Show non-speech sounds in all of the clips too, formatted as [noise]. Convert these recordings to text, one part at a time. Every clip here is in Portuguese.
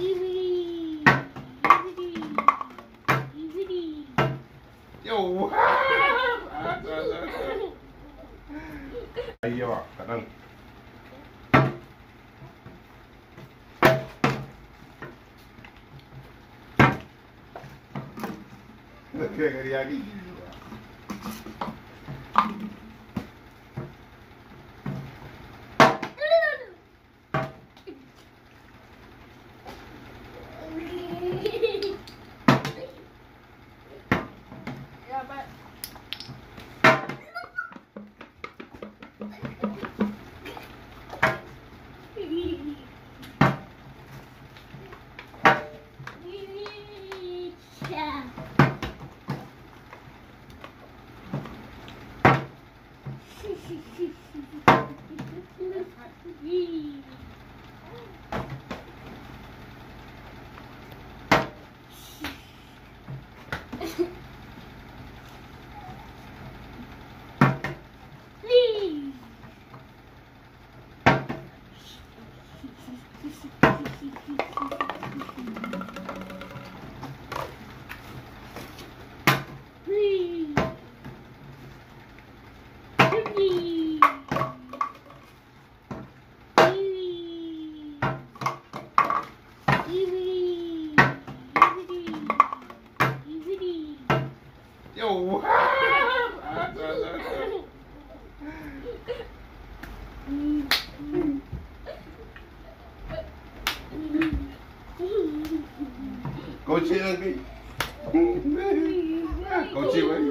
Easy. Easy. Easy. Yo, wow. Aí, ó, caramba. Qué Yo! [laughs] Coche, aquí. Coche, güey.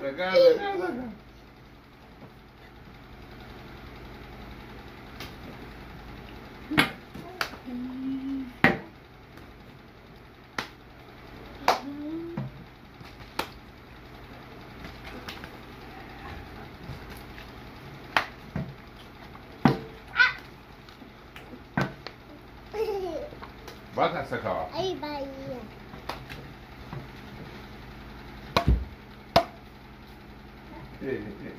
saka ba sakawa ai Mm.